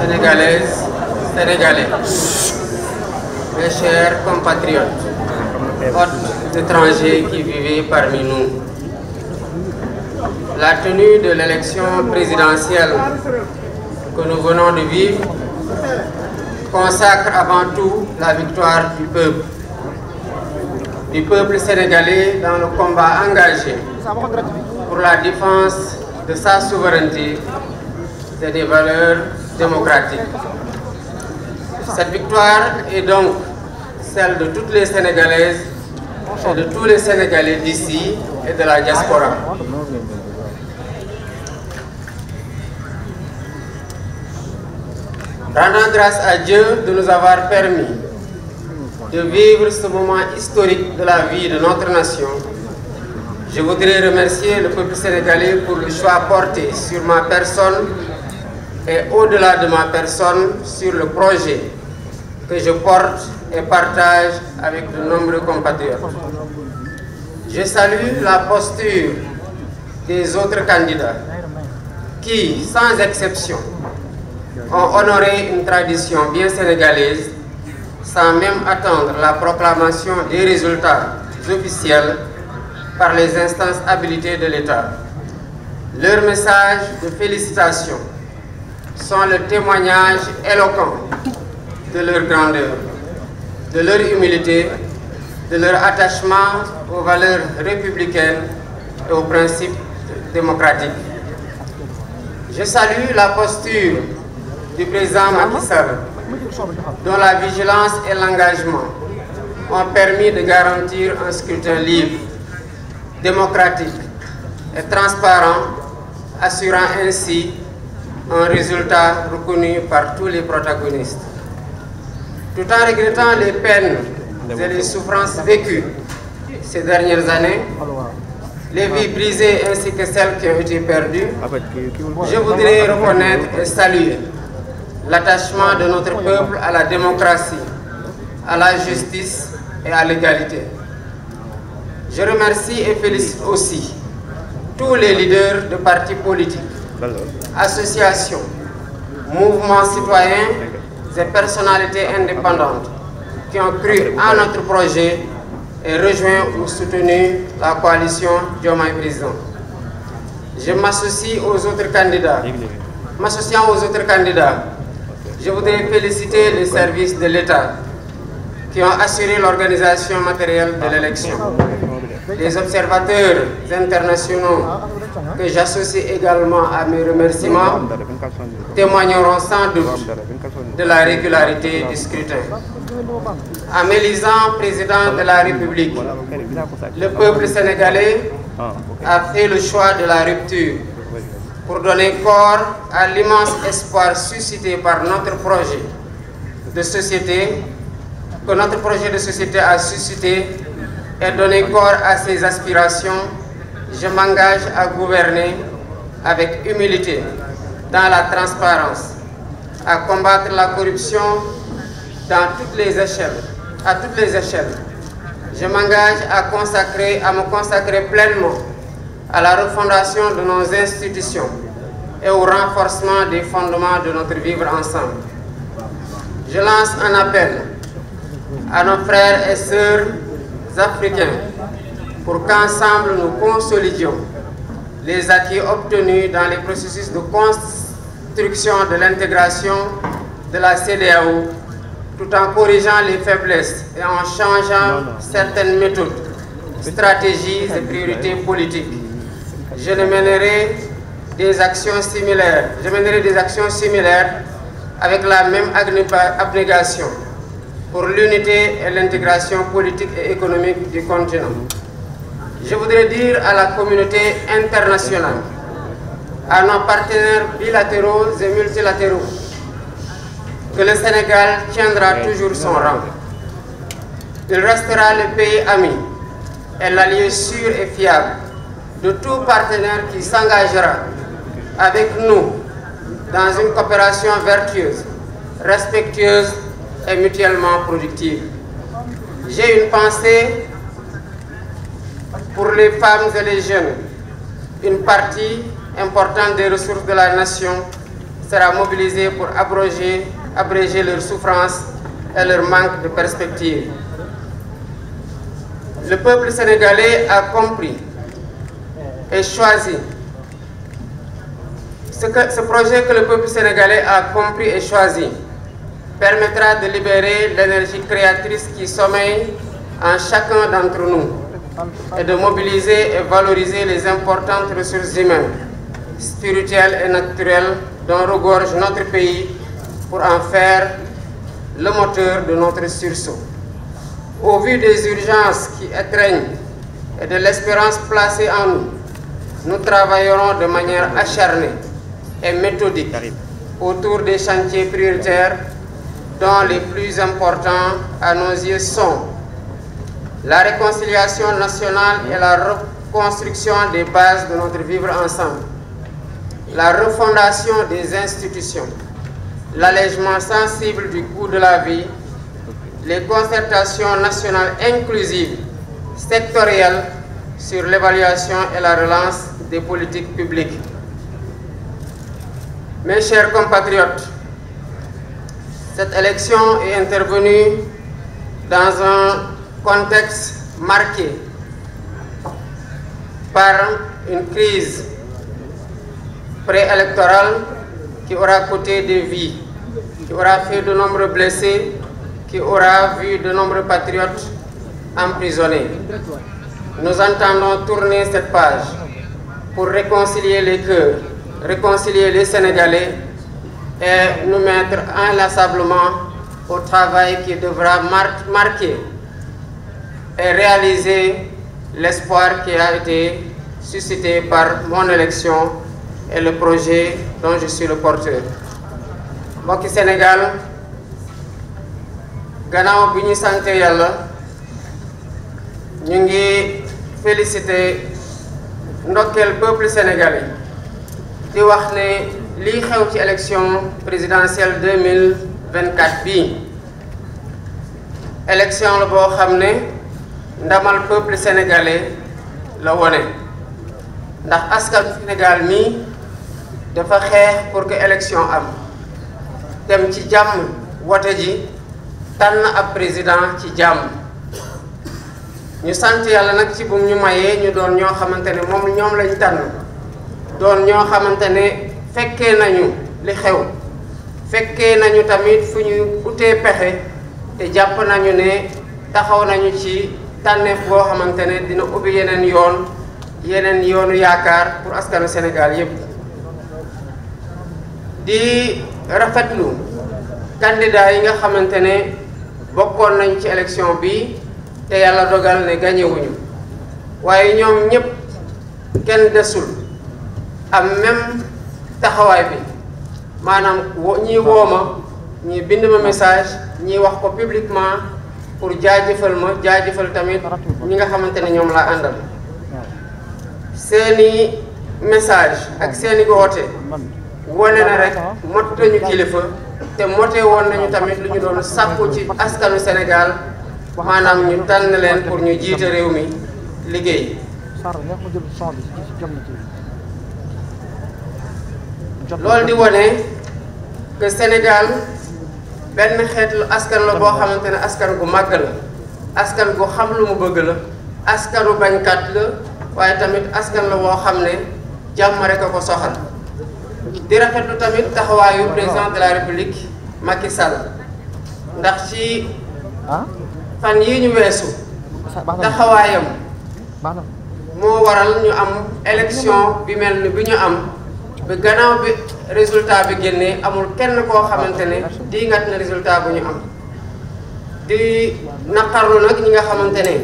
Sénégalaise, Sénégalaises, Sénégalais, mes chers compatriotes, autres étrangers qui vivaient parmi nous. La tenue de l'élection présidentielle que nous venons de vivre consacre avant tout la victoire du peuple, du peuple sénégalais dans le combat engagé pour la défense de sa souveraineté et des valeurs démocratiques. Cette victoire est donc celle de toutes les Sénégalaises et de tous les Sénégalais d'ici et de la diaspora. Rendons grâce à Dieu de nous avoir permis de vivre ce moment historique de la vie de notre nation je voudrais remercier le peuple sénégalais pour le choix porté sur ma personne et au-delà de ma personne sur le projet que je porte et partage avec de nombreux compatriotes. Je salue la posture des autres candidats qui, sans exception, ont honoré une tradition bien sénégalaise sans même attendre la proclamation des résultats officiels par les instances habilitées de l'État. Leurs messages de félicitations sont le témoignage éloquent de leur grandeur, de leur humilité, de leur attachement aux valeurs républicaines et aux principes démocratiques. Je salue la posture du président Macky dont la vigilance et l'engagement ont permis de garantir un scrutin libre démocratique et transparent, assurant ainsi un résultat reconnu par tous les protagonistes. Tout en regrettant les peines et les souffrances vécues ces dernières années, les vies brisées ainsi que celles qui ont été perdues, je voudrais reconnaître et saluer l'attachement de notre peuple à la démocratie, à la justice et à l'égalité. Je remercie et félicite aussi tous les leaders de partis politiques, associations, mouvements citoyens et personnalités indépendantes qui ont cru à notre projet et rejoint ou soutenu la coalition du Président. Je m'associe aux autres candidats. M'associant aux autres candidats, je voudrais féliciter les services de l'État qui ont assuré l'organisation matérielle de l'élection les observateurs internationaux que j'associe également à mes remerciements témoigneront sans doute de la régularité du scrutin. En m'élisant président de la République, le peuple sénégalais a fait le choix de la rupture pour donner corps à l'immense espoir suscité par notre projet de société, que notre projet de société a suscité et donner corps à ses aspirations, je m'engage à gouverner avec humilité, dans la transparence, à combattre la corruption dans toutes les échelles, à toutes les échelles. Je m'engage à, consacrer, à me consacrer pleinement à la refondation de nos institutions et au renforcement des fondements de notre vivre ensemble. Je lance un appel à nos frères et sœurs africains pour qu'ensemble nous consolidions les acquis obtenus dans les processus de construction de l'intégration de la CDAO tout en corrigeant les faiblesses et en changeant certaines méthodes, stratégies et priorités politiques. Je mènerai des actions similaires. Je mènerai des actions similaires avec la même abnégation pour l'unité et l'intégration politique et économique du continent. Je voudrais dire à la communauté internationale, à nos partenaires bilatéraux et multilatéraux, que le Sénégal tiendra toujours son rang. Il restera le pays ami et l'allié sûr et fiable de tout partenaire qui s'engagera avec nous dans une coopération vertueuse, respectueuse et mutuellement productive. J'ai une pensée pour les femmes et les jeunes. Une partie importante des ressources de la nation sera mobilisée pour abréger leur souffrances et leur manque de perspective. Le peuple sénégalais a compris et choisi ce, ce projet que le peuple sénégalais a compris et choisi permettra de libérer l'énergie créatrice qui sommeille en chacun d'entre nous et de mobiliser et valoriser les importantes ressources humaines, spirituelles et naturelles dont regorge notre pays pour en faire le moteur de notre sursaut. Au vu des urgences qui étreignent et de l'espérance placée en nous, nous travaillerons de manière acharnée et méthodique autour des chantiers prioritaires dont les plus importants à nos yeux sont la réconciliation nationale et la reconstruction des bases de notre vivre ensemble, la refondation des institutions, l'allègement sensible du coût de la vie, les concertations nationales inclusives, sectorielles, sur l'évaluation et la relance des politiques publiques. Mes chers compatriotes, cette élection est intervenue dans un contexte marqué par une crise préélectorale qui aura coûté des vies, qui aura fait de nombreux blessés, qui aura vu de nombreux patriotes emprisonnés. Nous entendons tourner cette page pour réconcilier les cœurs, réconcilier les Sénégalais et nous mettre inlassablement au travail qui devra marquer et réaliser l'espoir qui a été suscité par mon élection et le projet dont je suis le porteur. Sénégal Ganao peuple sénégalais li xew ci élection présidentielle 2024 bi vingt quatre bii élection la boo xam ne ndamal peuple sénégalais la wone ndax askan Sénégal mi, dafa xeex pour que élection am dem ci jàmm wote ji tànn ab président ci jàmm ñu sant yàlla nag ci bum ñu mayee ñu doon ñoo xamante ne moom ñoom lañ tànn doon ñoo xamante ne. fekkee nañu li xew fekkee nañu tamit fu ñu utee pexe te jàpp nañu ne taxaw nañu ci tànneef boo xamante ne dina ubbi yeneen yoon yeneen yoonu yaakaar pour askanu Sénégal yépp di rafetlu candidat yi nga xamante ne bokkoon nañ ci élection bi te yàlla dogal ne gañewuñu waaye ñoom ñépp kenn desul am même taxawaay bi maanaam wo ñii woo ma ñii bind ma message ñii wax ko publiquement pour jaajëfal ma jaajëfal tamit ñi nga xamante ne ñoom laa àndal seeni message ak seeni woote wane na rek mot nañu kilifa te mote woon nañu tamit lu ñu doon sàkku ci askanu Sénégal maanaam ñu tànn leen pour ñu jiite réew mi liggéey. Lol di woné, que Sénégal benn xeetu askan la boo xamante ne askan gu màgg la askan gu xam lu mu bëgg la askanu bañkat la waaye tamit askan la woo xam ne rek ko soxal di rafetlu tamit taxawaayu président de la république Macky Sall ndax ci fan yii ñu weesu taxawaayam moo waral ñu am élection bi mel bi ñu am ba gannaaw bi résultat bi génnee amul kenn koo xamante ne di ngat na résultat bu ñu am di naqarlu nag ñi nga xamante ne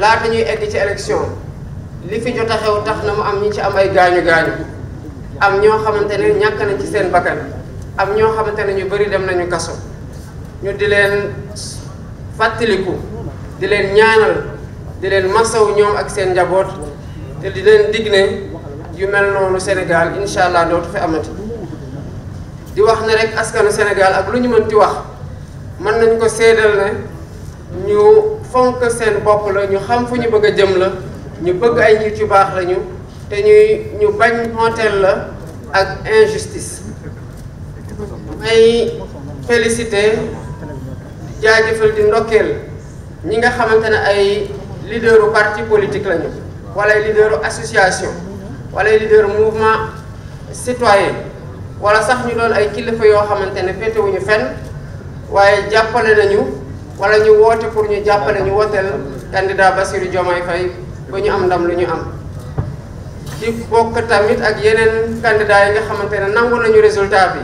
laata ñuy egg ci élection li fi jot a xew tax na mu am ñi ci am ay gaañu gaañu am ñoo xamante ne ñàkk na ci seen bakkan am ñoo xamante ne ñu bëri dem nañu kaso ñu di leen fàttaliku di leen ñaanal di leen masaw ñoom ak seen njaboot te di leen dig ne yu mel noonu Sénégal incha allah dootu fi amati di wax ne rek askanu Sénégal ak lu ñu mën mënti wax mën nañ ko seedal na ñu fonk seen bopp la ñu xam fu ñu bëgg a jëm la ñu bëgg ay njiit yu baax lañu te ñuy ñu bañ monteel la ak injustice may félicité jaajëfal di ndokkeel ñi nga xamante ne ay leaderu parti politique lañu wala leaderu association wala leader mouvement citoyen wala sax ñu doon ay kilifa yoo xamante ne féetewuñu fen waaye jàppale nañu wala ñu woote pour ñu jàppale ñu wooteel candidat Bassirou Diomaye fay ba ñu am ndam lu ñu am. di bokk tamit ak yeneen candidat yi nga xamante ne nangu nañu résultat bi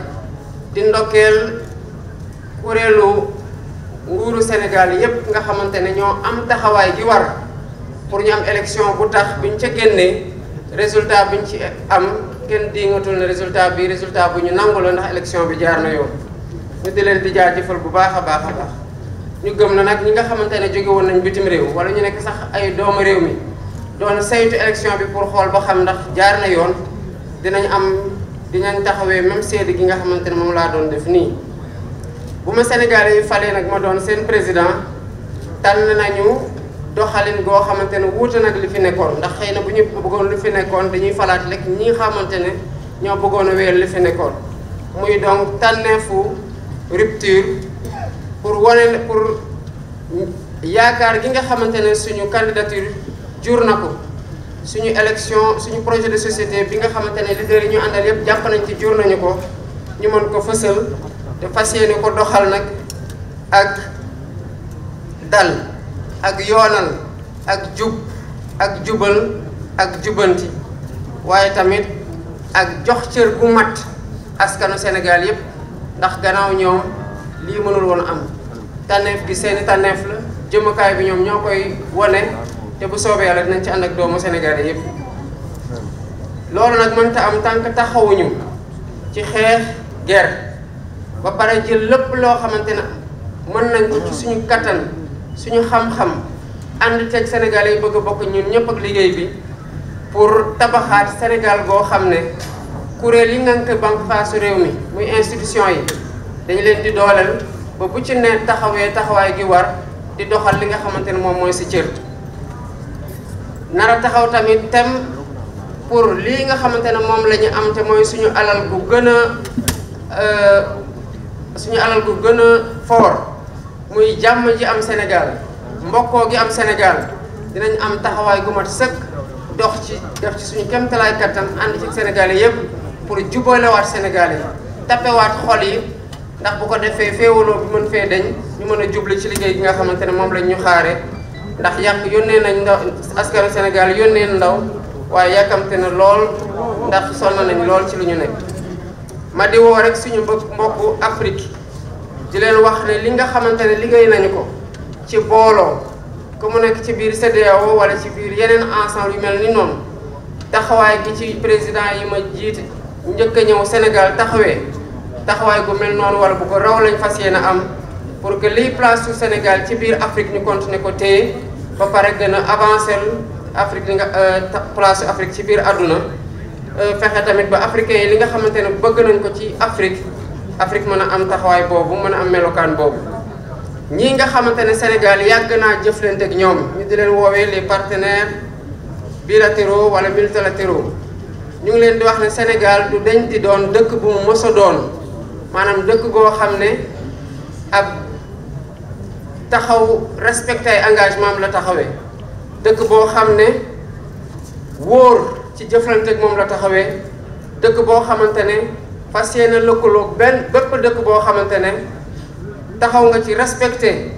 di ndokkeel kuréelu nguuru Sénégal yépp nga xamante ne ñoo am taxawaay gi war pour ñu am élection bu tax buñ ca génnee. résultat bi ñu ci am kenn diingatul na résultat bi résultat bu ñu nangu la ndax élection bi jaar na yoon ñu di leen di jaar jaajëfal bu baax a baax a baax ñu gëm na nag ñi nga xamante ne jóge woon nañ bitim réew wala ñu nekk sax ay doomu réew mi doon saytu élection bi pour xool ba xam ndax jaar na yoon dinañ am dinañ taxawee même seede gi nga xamante ne moom laa doon def nii. bu ma Sénégalais yi falee nag ma doon seen président tànn nañu. doxalin goo xamante ne wuute nag li fi nekkoon ndax xëy na bu ñu bëggoon lu fi nekkoon dañuy falaat rek ñi nga xamante ne ñoo bëggoon a wéyal li fi nekkoon. muy donc tànneefu rupture pour wane pour yaakaar gi nga xamante ne suñu candidature jur na ko suñu élection suñu projet de société bi nga xamante ne leader yi ñu àndal yëpp jàpp nañ ci jur nañu ko ñu mën ko fësal te fas yéene ko doxal nag ak dal. ak yoonal ak jub ak jubal ak jubanti waaye tamit ak jox cër bu mat askanu senegal yépp ndax gannaaw ñoom lii mënul woon am tànneef gi seeni tànneef la jëmukaay bi ñoom ñoo koy wane te bu soobee yàlla dinañ ci ànd ak doomu Sénégal yépp loolu nag mënta am tànk taxawuñu ci xeex guerre ba pare jël lépp loo xamante ne mën nañ ko ci suñu kattan suñu xam-xam ànd ceeg Sénégal yi bëgg a bokk ñun ñëpp ak liggéey bi pour tabaxaat Sénégal goo xam ne kuréel yi ngànk banque faasu réew mi muy institution yi dañu leen di dooleel ba bu ci ne taxawee taxawaay gi war di doxal li nga xamante ne moom mooy si cër taxaw tamit tem pour lii nga xamante ne moom la ñu am te mooy suñu alal gu gën a euh, suñu alal gu gën a fort muy jàmm ji am Sénégal mbokkoo gi am Sénégal dinañ am taxawaay gu mat sëkk dox ci def ci suñu kemtalaay kattan ànd ci Sénégalais yëpp pour jubalewaat Sénégalais yi tappewaat xol yi ndax bu ko defee féewaloo bi mën fee dañ ñu mën a jublu ci liggéey gi nga xamante ne moom lañ ñu xaare ndax yàq yónnee nañ ndaw askanu Sénégal yónnee ndaw waaye yàkkamte na lool ndax sonn nañ lool ci lu ñu nekk ma rek suñu mbokku Afrique di leen wax ne li nga xamante ne liggéey nañu ko ci booloo ku mu nekk ci biir CEDEAO wala ci biir yeneen ensemble yu mel ni noonu taxawaay gi ci président yi ma jiit njëkk a ñëw Sénégal taxawee taxawaay gu mel noonu wala bu ko raw lañ fas yéene am pour que liy place su Sénégal ci biir Afrique ñu continuer ko téye ba pare gën a avancer Afrique li nga euh, place su Afrique ci biir àdduna euh, fexe tamit ba africain yi li nga xamante ne bëgg nañ ko ci Afrique. Afrique mën a am taxawaay boobu mën a am melokaan boobu ñii nga xamante ne Sénégal yàgg naa jëflante ak ñoom ñu di leen woowee les partenaires bilatéraux wala multilatéraux ñu ngi leen di wax ne Sénégal du dañ di doon dëkk bu mu mës doon maanaam dëkk goo xam ne ak taxaw respecté ay engagement la taxawee dëkk boo xam ne wóor ci jëflante moom la taxawee dëkk boo xamante ne. fas yéene lëkkaloo benn bépp dëkk boo xamante ne taxaw nga ci respecté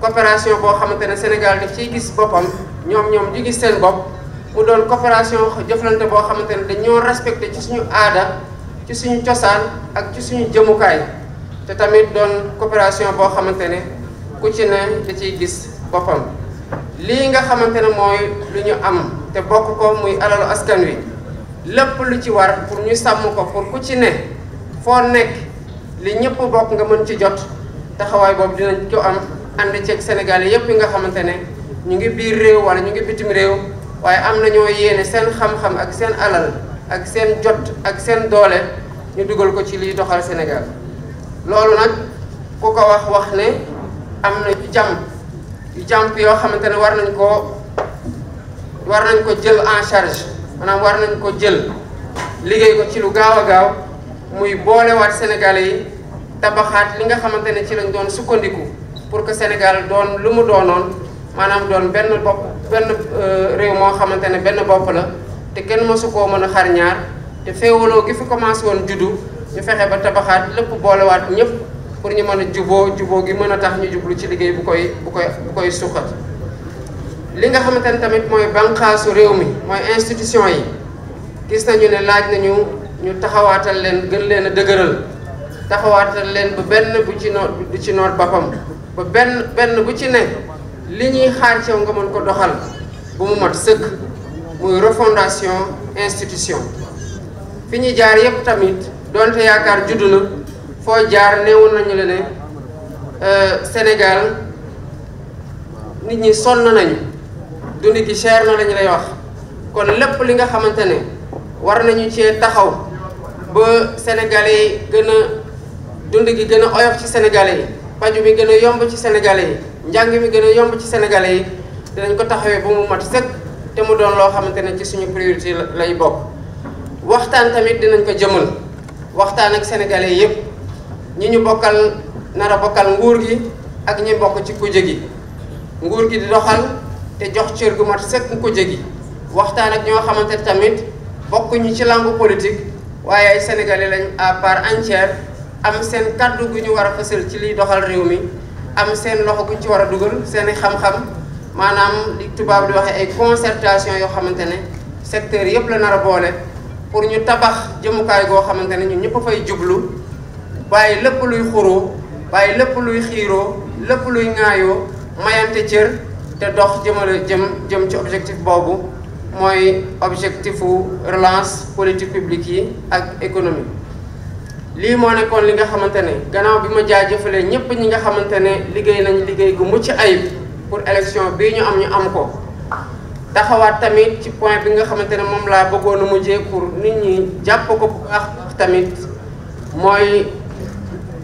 coopération boo xamante ne Sénégal daf ciy gis boppam ñoom ñoom ñu gis seen bopp mu doon coopération jëflante boo xamante ne dañoo respecté ci suñu aada ci suñu cosaan ak ci suñu jëmukaay te tamit doon coopération boo xamante ne ku ci ne da ciy gis boppam lii nga xamante ne mooy lu ñu am te bokk ko muy alalu askan wi lépp lu ci war pour ñu sàmm ko pour ku ci ne foo nekk li ñëpp bokk nga mën ci jot taxawaay boobu dinañ ko am ànd ceeg Sénégal yëpp yi nga xamante ne ñu ngi biir réew wala ñu ngi bitim réew waaye am na ñoo yéene seen xam-xam ak seen alal ak seen jot ak seen doole ñu dugal ko ci liy doxal Sénégal loolu nag ku ko wax wax ne am na yu jàmm yu jàmp yoo xamante ne war nañ koo war nañ ko jël en charge maanaam war nañ ko jël liggéey ko ci lu gaaw a gaaw muy boolewaat Sénégalais yi tabaxaat li nga xamante ne ci lañ doon sukkandiku pour que Sénégal doon lu mu doonoon maanaam doon benn bopp benn euh, réew moo xamante ne benn bopp la te kenn mësu koo mën a xarñaar te féewaloo gi fi commencé woon juddu ñu fexe ba tabaxaat lëpp boolewaat ñëpp pour ñu mën a juboo juboo gi mën a tax ñu jublu ci liggéey bu koy bu koy bu koy suqat li nga xamante ne tamit mooy banqaasu réew mi mooy institution yi gis nañu ne laaj nañu ñu taxawaatal leen gën leen a dëgëral taxawaatal leen ba benn bu ci noor du ci noor boppam ba benn benn bu ci ne li ñuy xaar ci nga mën ko doxal bu mu mat sëkk muy refondation institution fi ñu jaar yépp tamit donte yaakaar juddu na foo jaar neewoon nañu la ne euh, senegal nit ñi sonn nañu dund di cher na lañ lay wax kon lépp li nga xamante ne war nañu cee taxaw ba sénégalais yi gën a dund gi gën oyof ci sénégalais yi paju bi gën a yomb ci sénégalais yi njàng mi gën a yomb ci sénégalais yi dinañ ko taxawee ba mu mat sëkk te mu doon loo xamante ci suñu priorité lay bokk waxtaan tamit dinañ ko jëmal waxtaan ak sénégalais yépp ñi ñu bokkal nar a nguur gi ak ñi bokk ci gi nguur gi di doxal te jox cër gu mat sëkk ko jegi waxtaan ak ñoo xamante tamit bokkuñu ci langue politique waaye ay sénégalais lañ à part entière am seen kàddu gu ñu war a fësal ci liy doxal réew mi am seen loxo gu ci war a dugal seen i xam-xam maanaam li tubaab di waxee ay concertation yoo xamante ne secteur yëpp la nar a boole pour ñu tabax jëmukaay goo xamante ne ñu ñëpp a fay jublu bàyyi lépp luy xuroo bàyyi lépp luy xiiroo lépp luy ŋaayoo mayante cër. te dox jëmale jëm jëm ci objectif boobu mooy objectifu relance politique publique yi ak économie lii moo nekkoon li nga xamante ne gannaaw bi ma jëfalee ñëpp ñi nga xamante ne liggéey nañu liggéey gu ci ay pour élection bii ñu am ñu am ko taxawaat tamit ci point bi nga xamante ne moom laa bëggoon a mujjee pour nit ñi jàpp ko bu baax tamit mooy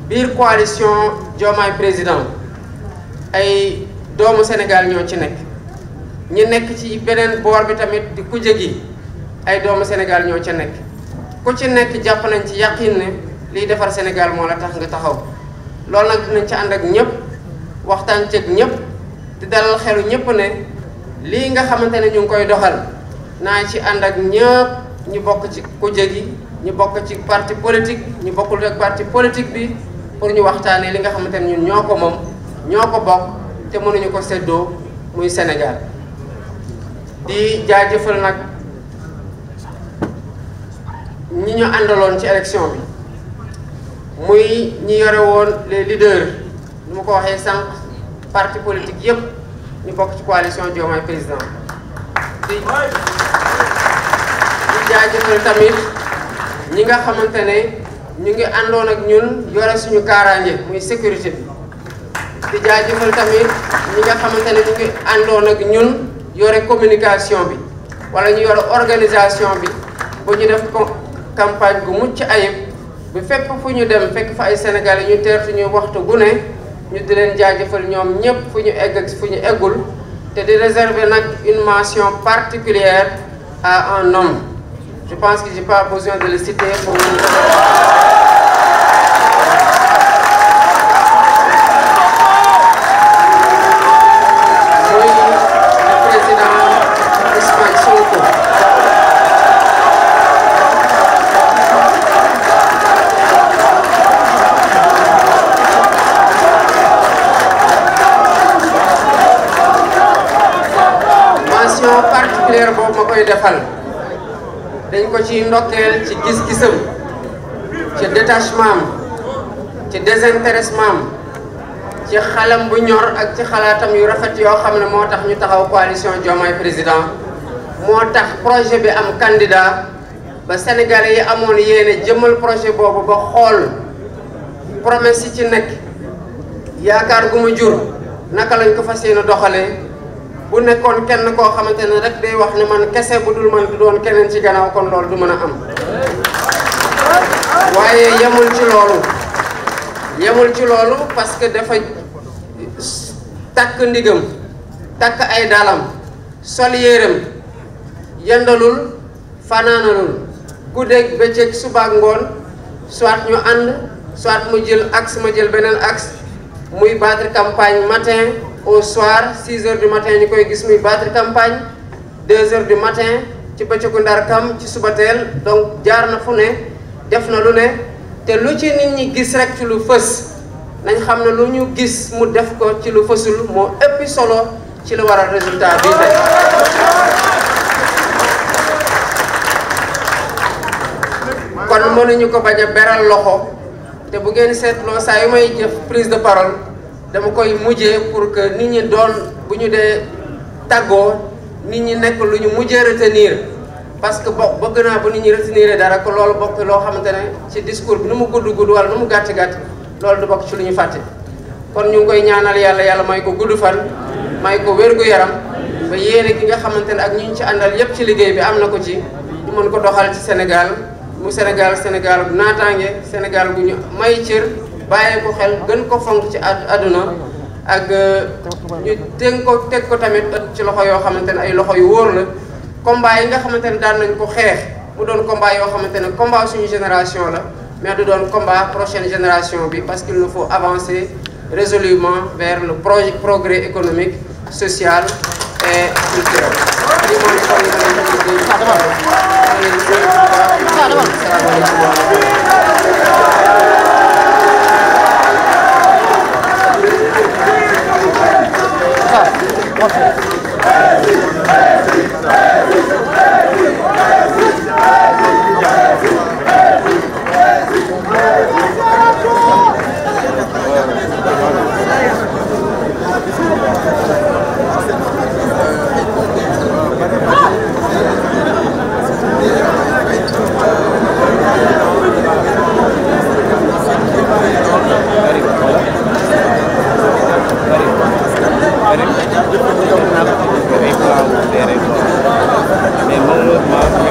biir coalition Diomaye président ay doomu Sénégal ñoo ci nekk ñu nekk ci beneen boor bi tamit di kuje gi ay doomu Sénégal ñoo ci nekk ku ci nekk jàpp nañ ci yàqin ne liy defar Sénégal moo la tax nga taxaw loolu nag ci ànd ak ñëpp waxtaan ceeg ñëpp di dalal xelu ñëpp ne lii nga xamante ne ñu ngi koy doxal naa ci ànd ak ñëpp ñu bokk ci kuje gi ñu bokk ci parti politique ñu bokkul ak parti politique bi pour ñu waxtaanee li nga xamante ne ñun ñoo ko moom ñoo ko bokk. te mënuñu ko seddoo muy Sénégal di jaajëfal nag ñi ñu àndaloon ci élection bi muy ñi yore woon les leaders nu ma ko waxee sànq parti politique yépp ñu bokk ci coalition Diomaye président di di jaajëfal tamit ñi nga xamante ne ñu ngi àndoon ak ñun yore suñu kaaraange muy sécurité bi di jaajëfal tamit ñi nga xamante ne ñu ngi àndoon ak ñun yore communication bi wala ñu yore organisation bi bu ñu def campagne bu mucc ayib bu fekk fu dem fekk fa ay sénégalais ñu teertu ñu waxtu gu ne ñu di leen jaajëfal ñoom ñëpp fu egg ak fu ñu eggul te di réserver nag une mention particulière à un homme je pense que j'ai pas besoin de le citer pour ciy ndokkeel ci gis-gisam ci détachement am ci désintéressement ci xalam bu ñor ak ci xalaatam yu rafet yoo xam ne moo tax ñu taxaw coalition Diomaye président moo tax projet bi am candidat ba sénégal yi amoon yéene jëmmal projet boobu ba xool promesse yi ci nekk yaakaar gu mu jur naka lañ ko fas yéene doxalee bu nekkoon kenn koo xamante ne rek day wax ne man kese budul man du doon keneen ci gannaaw kon loolu du mën am waaye yemul ci loolu yemul ci loolu parce que dafa takk ndigam takk ay dalam sol yéeram yendalul fanaanalul guddeeg bëccëg subaak ngoon soit ñu ànd soit mu jël axe ma jël beneen axe muy battre campagne matin au soir 6 heures du matin ñu koy gis muy battre campagne 2 heures du matin ci bëccëgu ndar kam ci suba teel donc jaar na fu ne def na lu ne te lu ci nit ñi gis rek ci lu fës nañ xam ne lu ñu gis mu def ko ci lu fësul moo ëpp solo ci lu waral résultat bi tey kon mënuñu ko bañ a beral loxo te bu ngeen seetloo saa yu may jëf prise de parole dama koy mujjee pour que nit ñi doon bu ñu dee tàggoo nit ñi nekk lu ñu mujjee retenir parce que bo bëgg naa bu nit ñi retenir dara ko loolu bokk loo xamante ne ci discours bi nu mu gudd gudd wala nu mu gàtt gàtt loolu du bokk ci lu ñu fàtte kon ñu ngi koy ñaanal yàlla yàlla may ko gudd fan may ko wér-gu-yaram ba yéene gi nga xamante ne ak ñu ci àndal yépp ci liggéey bi am na ko ci ñu mën ko doxal ci Sénégal mu Sénégal Sénégal bu naataange Sénégal bu bayé ko xel gën ko fonk ci aduna ak euh, ñu teg ko teg ko tamit ci loxo yo xamante ay loxo yu wor la combat yi nga xamante ne daan nañ ko xeex mu doon combat yo xamante combat suñu génération la mais du doon combat prochaine génération bi parce qu'il nous faut avancer résolument vers le projet progrès économique social et culturel